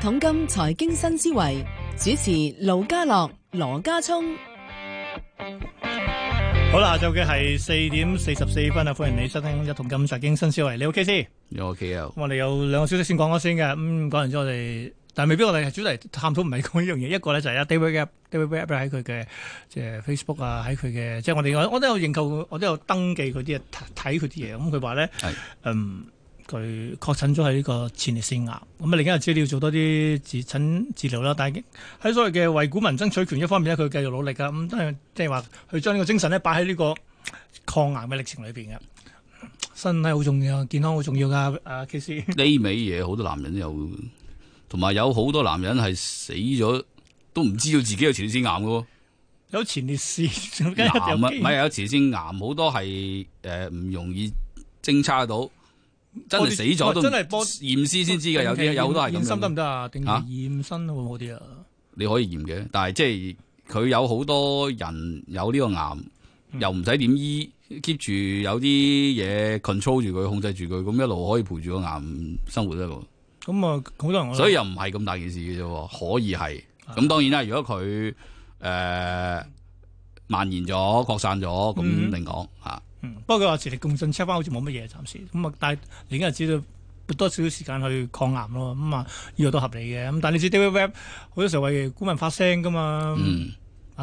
統金財經新思維主持盧家樂、羅家聰，好啦，就嘅係四點四十四分啊！歡迎你收聽《一統金財經新思維》，你，你 OK 先？我 OK 啊！我哋有兩個消息先講咗先嘅，咁講完咗我哋，但係未必我哋主題探討唔係講呢樣嘢。一個咧就係啊，David Gap，David Gap 喺佢嘅即係 Facebook 啊，喺佢嘅即係我哋我都有認購，我都有登記佢啲啊睇佢啲嘢。咁佢話咧係嗯。佢確診咗係呢個前列腺癌，咁啊，而家資料做多啲治診治療啦。但係喺所謂嘅為股民爭取權一方面咧，佢繼續努力噶，咁即係話佢將呢個精神咧擺喺呢個抗癌嘅歷程裏邊嘅身體好重要，健康好重要噶。啊，其實呢味嘢好多男人都有，同埋有好多男人係死咗都唔知道自己有前列腺癌嘅喎 。有前列腺癌，唔係，有前列腺癌，好多係誒唔容易偵察到。真係死咗都唔知，驗屍先知噶，有啲些期有好多係咁。驗身得唔得啊？定驗身好啲啊？你可以驗嘅，但係即係佢有好多人有呢個癌，嗯、又唔使點醫，keep 住有啲嘢 control 住佢，控制住佢，咁、嗯、一路可以陪住個癌生活一路。咁啊、嗯，好多人所以又唔係咁大件事嘅啫，可以係。咁、嗯、當然啦，如果佢誒、呃、蔓延咗、擴散咗，咁另講吓。嗯嗯，不過佢話磁力共振 check 翻好似冇乜嘢，暫時咁啊，但係而家知道撥多少少時間去抗癌咯，咁啊，呢個都合理嘅，咁但係你知 David Webb 好多時候為股民發聲噶嘛，啊、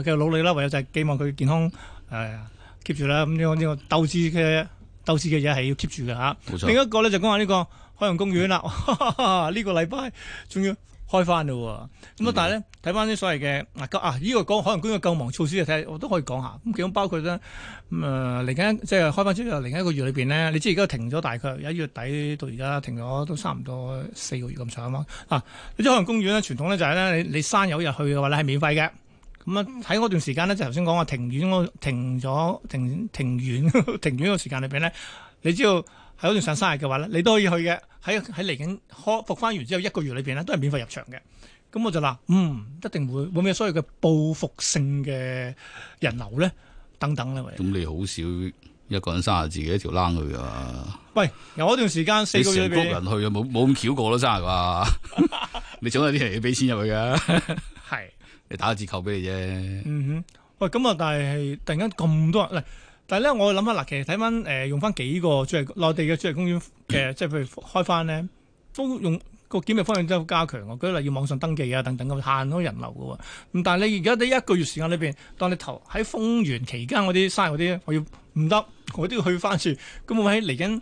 嗯，繼續努力啦，唯有就係寄望佢健康誒 keep 住啦，咁呢個呢個鬥志嘅鬥志嘅嘢係要 keep 住嘅嚇。冇錯。另一個咧就講下呢個海洋公園啦，呢、嗯呢個禮拜仲要。開翻咯喎，咁啊但係咧睇翻啲所謂嘅救啊，呢、啊這個講海洋公園嘅救亡措施嘅，睇下我都可以講下。咁其中包括咧，咁、嗯、嚟、呃、即係開翻之後，另一個月裏面咧，你知而家停咗大概有一月底到而家停咗都差唔多四個月咁長啊嘛。啊，你知海洋公園咧，傳統咧就係咧，你你生日入去嘅話咧係免費嘅。咁啊喺嗰段時間咧，就頭先講話停院嗰停咗停停園停園個時間裏面咧，你知道。喺嗰段上生日嘅話咧，你都可以去嘅。喺喺嚟緊開復翻完之後一個月裏邊咧，都係免費入場嘅。咁我就話，嗯，一定會冇咩所謂嘅報復性嘅人流咧，等等啦。咁你好少一個人生日自己一條躝去啊？喂，有嗰段時間四個人去啊，冇冇咁巧過咯，生日啩？你總有啲人要俾錢入去嘅。係，你打個折扣俾你啫。嗯哼，喂，咁啊，但係突然間咁多人嚟。但係咧，我諗下嗱，其實睇翻誒，用翻幾個主題內地嘅主題公園嘅，呃、 即係譬如開翻咧，都用個檢疫方向真係好加強喎。我覺得要網上登記啊，等等咁限嗰人流嘅喎。咁但係你而家喺一個月時間裏邊，當你頭喺封園期間嗰啲嘥嗰啲，我要唔得，我都要去翻轉。咁我喺嚟緊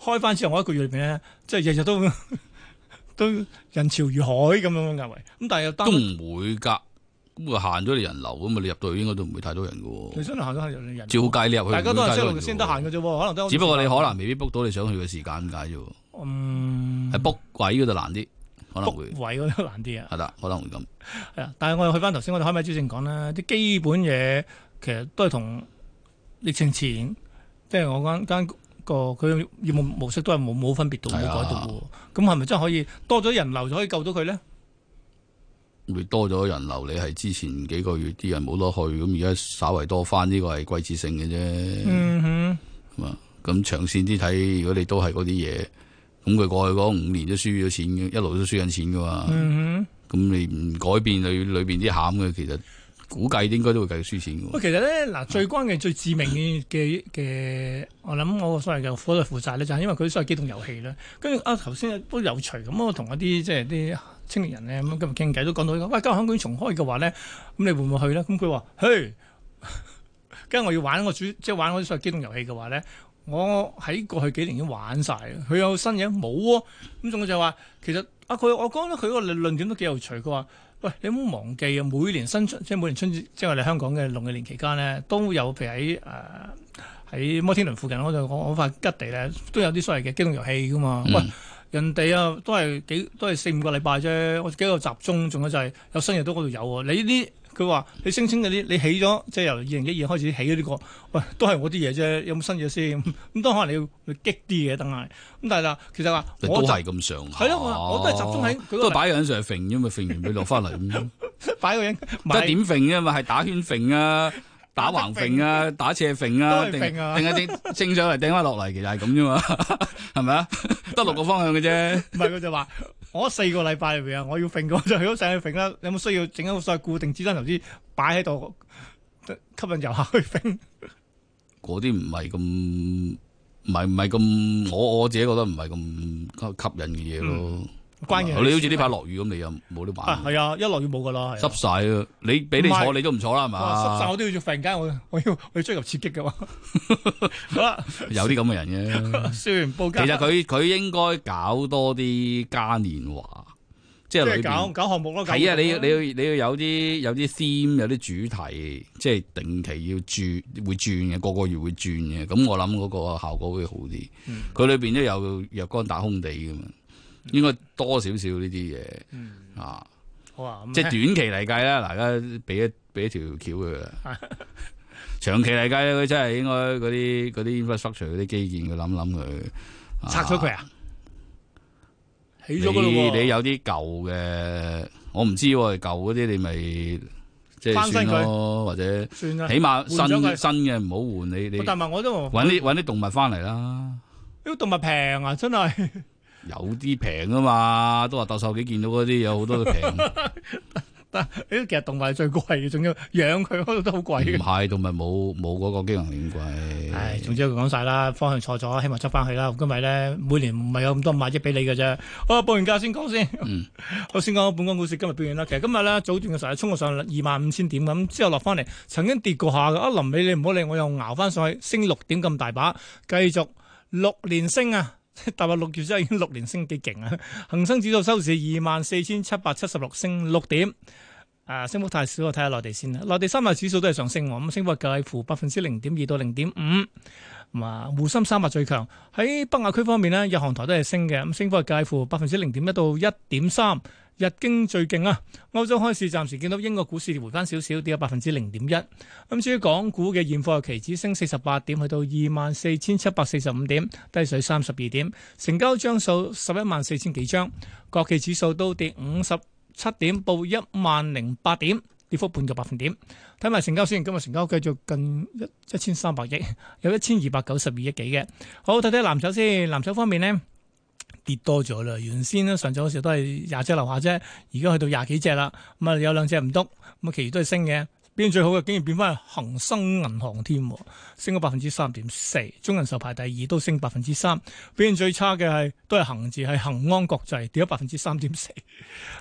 開翻之後，我一個月裏邊咧，即係日日都呵呵都人潮如海咁樣嘅位。咁但係又都唔會㗎。咁會限咗你人流，咁嘛，你入到去應該都唔會太多人㗎喎。其實你限咗人，照計你入去，大家都係先得閒嘅啫喎，可能都。只不過你可能未必 book 到你想去嘅時間解啫。嗯。係 book 位嗰度難啲，可能會。位嗰度難啲啊。係啦，可能會咁。係啦，但係我哋去翻頭先，我哋開咪朱正講啦，啲基本嘢其實都係同疫情前，即係我間間個佢業務模式都係冇冇分別度喺改嘅喎。咁係咪真係可以多咗人流就可以救到佢咧？會多咗人流，你係之前幾個月啲人冇得去，咁而家稍為多翻，呢個係季節性嘅啫。嗯哼，啊，咁長線啲睇，如果你都係嗰啲嘢，咁佢過去嗰五年都輸咗錢嘅，一路都輸緊錢噶嘛。咁、嗯、哼你唔改變裏裏邊啲餡嘅，其實估計應該都會繼續輸錢嘅。不過其實咧，嗱，最關鍵、最致命嘅嘅， 我諗我個所謂嘅負責咧，就係因為佢所謂機動遊戲啦。剛才也跟住啊頭先都有除咁，我同一啲即係啲。青年人咧，咁今日傾偈都講到，喂，今日香港重開嘅話咧，咁你會唔會去咧？咁佢話：，嘿，今日我要玩我主，即係玩啲所謂機動遊戲嘅話咧，我喺過去幾年已經玩晒，佢有新嘢冇喎。咁仲、哦、就係話，其實啊，佢，我講咗佢個論點都幾有趣。佢話：，喂，你唔好忘記啊，每年新春即係每年春節，即係我哋香港嘅農曆年期間咧，都有譬如喺誒喺摩天輪附近我就我我塊吉地咧，都有啲所謂嘅機動遊戲噶嘛。喂、嗯。人哋啊，都係幾都係四五個禮拜啫，我幾個集中，仲有就係、是、有新嘢都嗰度有喎。你呢？佢話你申請嗰啲，你起咗即係由二零一二開始起呢、這個，喂，都係我啲嘢啫。有冇新嘢先？咁都可能你要激啲嘢，等下咁。但係啦，其實話我都係咁上下。係咯，我都係集中喺佢都係擺，因為擺 個人上去揈啫嘛，揈完佢落翻嚟咁樣擺。擺個人。即係點揈啫嘛？係打圈揈啊！打橫揈啊，打斜揈啊，定一啲升上嚟，掟翻落嚟，其實係咁啫嘛，係咪啊？得 六個方向嘅啫。唔係，佢就話我四個禮拜入面啊，我要揈過，我就去咗上去揈啦。你有冇需要整一個所謂固定資產投資擺喺度，吸引遊客去揈？嗰啲唔係咁，唔係唔係咁，我我自己覺得唔係咁吸引嘅嘢咯。嗯關鍵，你好似呢排落雨咁，你又冇得玩。啊，係啊，一落雨冇噶啦，濕晒啊！你俾你坐，不是你都唔坐啦，係嘛？濕晒我都要，做，突然間我我要我要追求刺激噶嘛？有啲咁嘅人嘅、啊。說然報其實佢佢應該搞多啲嘉年華，即、就、係、是、搞搞項目，搞項目啊，你要你要你要有啲有啲 theme 有啲主題，即、就、係、是、定期要轉會轉嘅，個個月會轉嘅。咁我諗嗰個效果會好啲。佢、嗯、裏邊都有若干打空地應該多少少呢啲嘢啊，即係短期嚟計啦，嗱，家俾一俾一條橋佢啦。長期嚟計，佢真係應該嗰啲嗰啲 Infrastructure 嗰啲基建，佢諗諗佢拆咗佢啊，起咗噶啦。你有啲舊嘅，我唔知喎，舊嗰啲你咪即係算咯，或者起碼新新嘅唔好換你你。但係我都揾啲揾啲動物翻嚟啦，啲動物平啊，真係。有啲平啊嘛，都話特首幾見到嗰啲有好多都平， 但係呢其實動物係最貴嘅，仲要養佢嗰度都好貴嘅。唔係動物冇冇嗰個機能亂貴。係，總之我講晒啦，方向錯咗，希望出翻去啦。今日呢，每年唔係有咁多賣益俾你嘅啫。我報完價先講先。嗯，我 先講本港股市今日表現啦。其實今日呢，早段嘅時候衝到上二萬五千點咁，之後落翻嚟，曾經跌過下嘅。一、啊、臨尾你唔好理我又熬翻上去，升六點咁大把，繼續六連升啊！踏入六月之後已經六年升幾勁啊！恒生指數收市二萬四千七百七十六，升六點。誒升幅太少，我睇下內地先啦。內地三大指數都係上升喎，咁升幅介乎百分之零點二到零點五。咁啊，滬深三百最強，喺北亞區方面咧，日韓台都係升嘅，咁升幅介乎百分之零點一到一點三。日經最勁啊！歐洲開市暫時見到英國股市回翻少少，跌咗百分之零點一。咁至於港股嘅現貨期指升四十八點，去到二萬四千七百四十五點，低水三十二點，成交張數十一萬四千幾張。國企指數都跌五十。七點報一萬零八點，跌幅半個百分點。睇埋成交先，今日成交繼續近一一千三百億，有一千二百九十二億幾嘅。好，睇睇藍籌先，藍籌方面呢，跌多咗啦。原先咧上早晝嗰時都係廿隻樓下啫，而家去到廿幾隻啦。咁啊有兩隻唔郁，咁啊其餘都係升嘅。表現最好嘅竟然變翻恒生銀行添，升咗百分之三點四，中銀壽排第二都升百分之三。表現最差嘅係都係恒字，係恒安國際跌咗百分之三點四。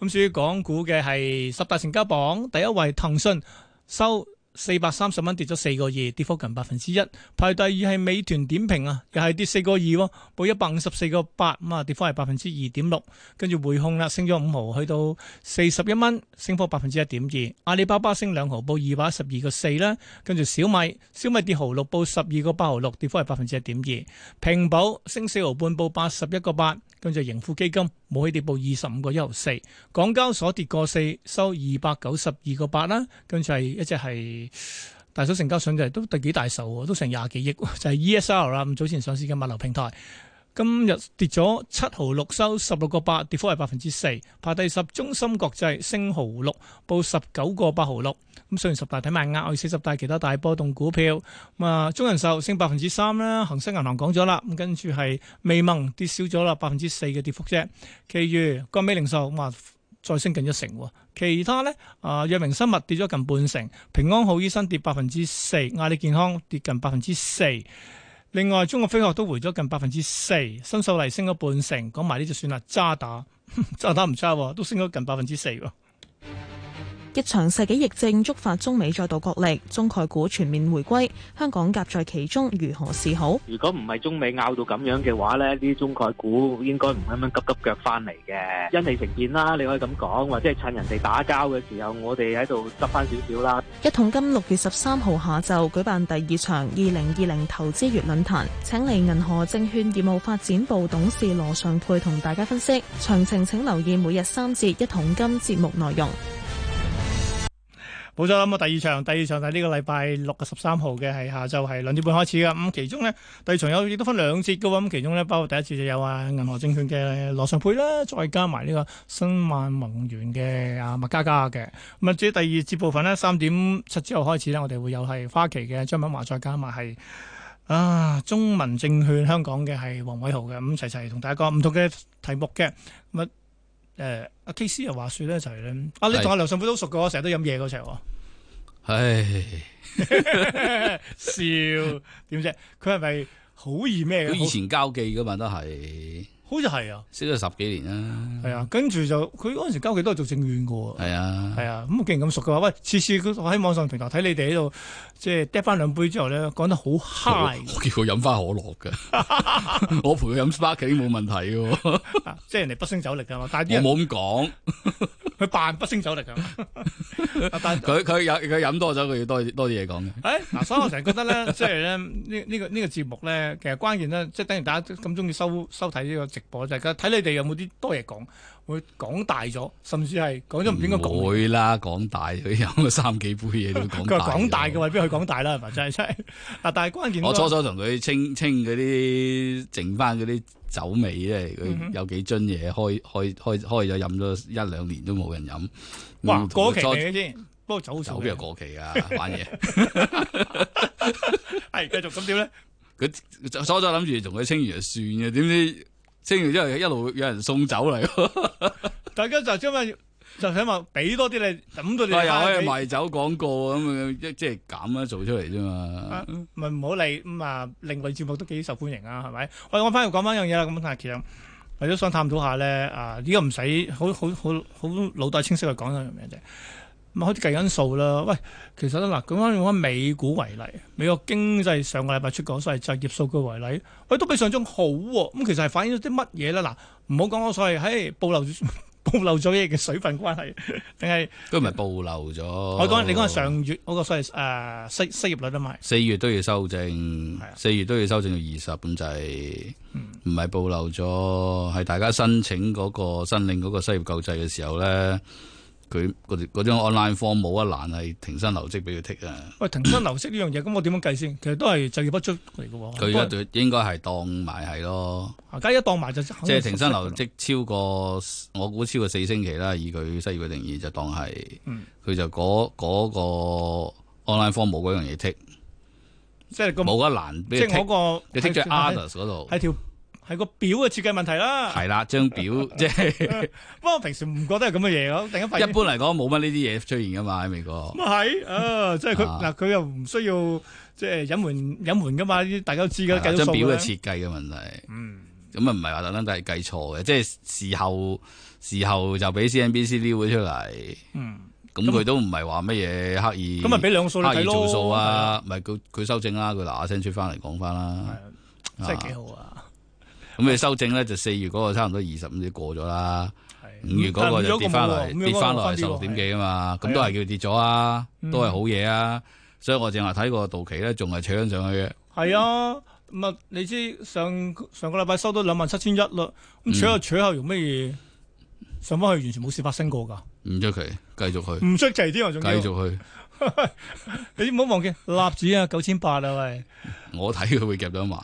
咁至於港股嘅係十大成交榜第一位騰訊收。四百三十蚊跌咗四個二，跌幅近百分之一。排第二係美團點評啊，又係跌四個二，報一百五十四個八，咁啊跌幅係百分之二點六。跟住匯控啦，升咗五毫，去到四十一蚊，升幅百分之一點二。阿里巴巴升兩毫，報二百一十二個四啦。跟住小米，小米跌毫六，報十二個八毫六，跌幅係百分之一點二。平保升四毫半，報八十一個八。跟住盈富基金冇起跌，報二十五個一毫四。港交所跌個四，收二百九十二個八啦。跟住係一隻係。大手成交上就係都第幾大手喎，都成廿幾億，就係、是、ESR 啦。咁早前上市嘅物流平台，今日跌咗七毫六，收十六個八，跌幅係百分之四，排第十。中芯國際升毫六，報十九個八毫六。咁雖然十大睇埋，額外四十大其他大波動股票。咁啊，中人壽升百分之三啦。恒生銀行講咗啦，咁跟住係微盟跌少咗啦，百分之四嘅跌幅啫。其餘國美零售。再升近一成，其他呢，啊，藥明生物跌咗近半成，平安好醫生跌百分之四，亞利健康跌近百分之四，另外中國飛鶴都回咗近百分之四，新秀麗升咗半成，講埋呢就算啦，渣打呵呵渣打唔差，都升咗近百分之四。一場世紀疫症觸發中美再度角力，中概股全面回歸，香港夾在其中，如何是好？如果唔係中美拗到咁樣嘅話，呢啲中概股應該唔係咁樣急急腳翻嚟嘅。因利乘便啦，你可以咁講，或者係趁人哋打交嘅時候，我哋喺度執翻少少啦。一桶金六月十三號下晝舉辦第二場二零二零投資月論壇，請嚟銀河證券業務發展部董事羅尚佩同大家分析。詳情請留意每日三節一桶金節目內容。冇錯啦，咁啊第二場，第二場係呢、這個禮拜六嘅十三號嘅，係下晝係兩點半開始噶。咁其中咧，第二場有亦都分兩節嘅喎。咁其中咧，包括第一節就有啊，銀河證券嘅羅上佩啦，再加埋呢個新萬宏源嘅啊麥嘉嘉嘅。咁啊，至於第二節部分咧，三點七之後開始咧，我哋會有係花旗嘅張敏華，再加埋係啊中文證券香港嘅係黃偉豪嘅。咁齊齊同大家講唔同嘅題目嘅。誒阿 K C 又話説咧就係、是、咧，的啊你同阿梁信輝都熟嘅，成日都飲嘢嗰陣喎。唉，笑點啫？ 佢係咪好易咩？佢以前交際嘅嘛都係。好似係啊，識咗十幾年啦，係啊，跟住就佢嗰陣時交期都係做證券嘅喎，係啊，係啊，咁既然咁熟嘅話，喂，次次我喺網上平台睇你哋喺度，即係嗒翻兩杯之後咧，講得好 high，我，我叫佢飲翻可樂嘅， 我陪佢飲 spark 冇問題嘅、 啊，即係人哋不勝酒力嘅嘛，但係啲人我冇咁講。 佢扮不清走嚟㗎，佢佢有佢飲多咗，佢要多多啲嘢講嘅。嗱、 啊，所以我成日覺得咧，即係咧呢呢、 呢個呢、呢個呢個節目咧，其實關鍵咧，即、就、係、是、等於大家咁中意收收睇呢個直播就係、是、睇你哋有冇啲多嘢講。會講大咗，甚至係講咗唔應該講。唔會啦，講大佢飲咗三幾杯嘢，都講 大佢講大嘅話，邊有佢講大啦？係咪真係真係？啊！ 但係關鍵我初初同佢清清嗰啲剩翻嗰啲酒味咧，佢有幾樽嘢開開開開咗飲咗一兩年都冇人飲。哇他過期嘅先，初不過酒酒邊有過期噶、啊、 玩嘢東？係 繼續咁點咧？佢初初諗住同佢清完就算嘅，點知？正完之後一路有人送酒嚟，大家就因為就希望俾多啲你抌到的你。係賣酒廣告咁，即係減啊做出嚟啫嘛。唔係唔好理咁啊，另外節目都幾受歡迎啊，係咪、哎？我講翻又講翻樣嘢啦。咁但係其實為咗想探討下咧，啊，依家唔使好好好好腦袋清晰去講一樣嘢啫。咁開始計因數啦。喂，其實啦，嗱，咁樣用翻美股為例，美國經濟上個禮拜出個所謂就業數據為例，喂，都比上中好喎、啊。咁其實係反映咗啲乜嘢咧？嗱，唔好講我所謂，嘿、哎，暴露暴露咗嘢嘅水分關係，定係都唔係暴露咗。我講你講係上月嗰、那個所謂誒、啊、失失業率啊嘛，四月都要修正，四月都要修正到二十咁滯，唔係、啊、暴露咗，係大家申請嗰個申領嗰個,個失業救濟嘅時候咧。佢嗰啲張 online form 冇一欄係停薪留職俾佢剔啊！喂，停薪留職呢 樣嘢，咁我點樣計先？其實都係就業不足嚟嘅。佢一度應該係當埋係咯，而家一當埋就即係停薪留職超過我估超過四星期啦。以佢失業嘅定義就當係，佢，嗯、就嗰嗰，嗰個 online form 冇嗰樣嘢剔，即係冇一欄即係剔嗰個，你剔咗 others 嗰度喺條。係個表嘅設計問題啦，係啦，張表即係。不過我平時唔覺得係咁嘅嘢，我一般嚟講，冇乜呢啲嘢出現噶嘛，喺美國。咁係啊，即係佢嗱，佢又唔需要即係隱瞞隱瞞噶嘛，大家知嘅計數。張表嘅設計嘅問題，嗯，咁啊唔係話特登都係計錯嘅，即係事後事後就俾 CNBC 撩咗出嚟，嗯，咁佢都唔係話乜嘢刻意，咁咪俾兩個數，刻意做數啊，咪佢佢修正啦，佢嗱聲出翻嚟講翻啦，真係幾好啊！咁你修正咧，就四月嗰個差唔多二十五啲過咗啦，五月嗰個就跌翻嚟跌翻落嚟十六點幾啊嘛，咁都係叫跌咗啊，都係好嘢啊，所以我淨係睇過到期咧仲係搶上去嘅。係啊，咁啊你知上上個禮拜收到兩萬七千一啦，咁取下取下用乜嘢上翻去完全冇事發生過噶。唔出奇，繼續去，唔出奇，之啊，仲繼續去。你唔好忘記蠟紙啊，九千八啊喂。我睇佢會夾到一萬。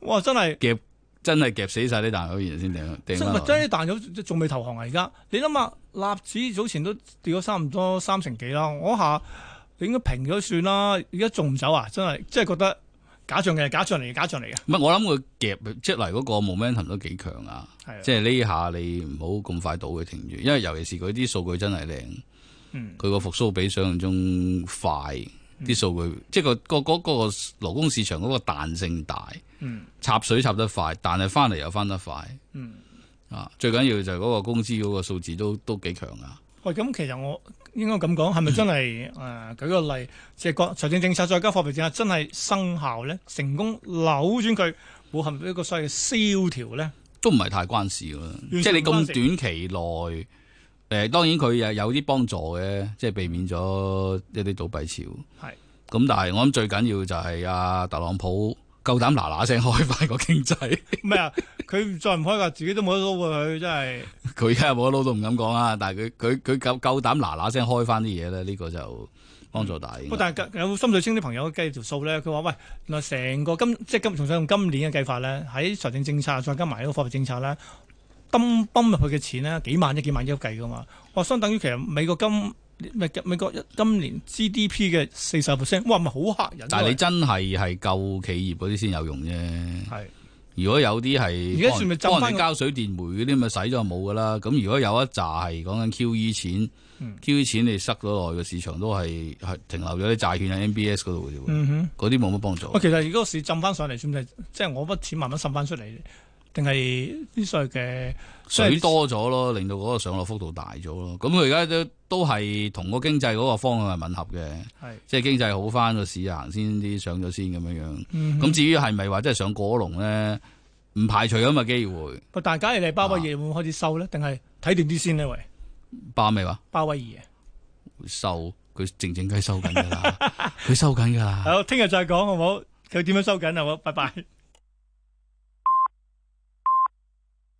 哇，真係夾。真係夾死晒啲淡友先，掉掉翻落。真係啲淡友仲未投降啊！而家你諗下，納指早前都跌咗差唔多三成幾啦。我下你應該平咗算啦。而家仲唔走啊？真係真係覺得假象嘅假象嚟，假象嚟嘅。唔係我諗佢夾出嚟嗰個 momentum 都幾強啊。係啊，即係呢下你唔好咁快倒佢停住，因為尤其是佢啲數據真係靚，佢個、嗯、復甦比想象中快。啲數據即係個個嗰個勞工市場嗰個彈性大，嗯、插水插得快，但係返嚟又返得快。嗯啊、最緊要就係嗰個工資嗰個數字都，都幾強啊！咁、嗯、其實我應該咁講，係咪真係誒、嗯啊？舉個例，即係個財政政策再加貨幣政策，真係生效呢，成功扭轉佢冇陷入一個所謂嘅蕭條呢，都唔係太關事咯，事即係你咁短期內。誒當然佢有有啲幫助嘅，即係避免咗一啲倒閉潮。係咁是，但係我諗最緊要就係阿特朗普夠膽嗱嗱聲開翻個經濟。唔啊，佢再唔開嘅，自己都冇得撈過佢，真係。佢而家冇得撈都唔敢講啊！但係佢佢佢夠夠膽嗱嗱聲開翻啲嘢咧，呢個就幫助大。但係有深水清啲朋友計條數咧，佢話喂，原來成個今即係今從上今年嘅計法咧，喺財政政策再加埋呢個貨幣政策咧。泵泵入去嘅錢咧，幾萬億幾萬億都計噶嘛，哇，相等於其實美國今美國一今年 GDP 嘅四十 percent，哇，咪好嚇人。但係你真係係救企業嗰啲先有用啫。係是，如果有啲係幫人交水電煤嗰啲，咪使咗就冇噶啦。咁如果有一紮係講緊 QE 錢，QE 錢你塞咗落個市場都係係停留咗啲債券喺 MBS 嗰度嘅，啫。嗯、哼，嗰啲冇乜幫助。我其實如果個市浸翻上嚟算唔係，即係、就是、我筆錢慢慢滲翻出嚟。定係啲稅嘅水多咗咯，令到嗰個上落幅度大咗咯。咁佢而家都都係同個經濟嗰個方向係吻合嘅，是即係經濟好翻個市行先啲上咗先咁樣樣。咁、嗯、哼至於係咪話真係上果龍咧？唔排除咁嘅機會。但大假如你包威爺會，唔會開始收咧，定係睇掂啲先呢？喂，包咩話？巴威爺收佢靜靜雞收緊噶啦，佢 收緊噶。 好，聽日再講好唔好？佢點樣收緊好，好，拜拜。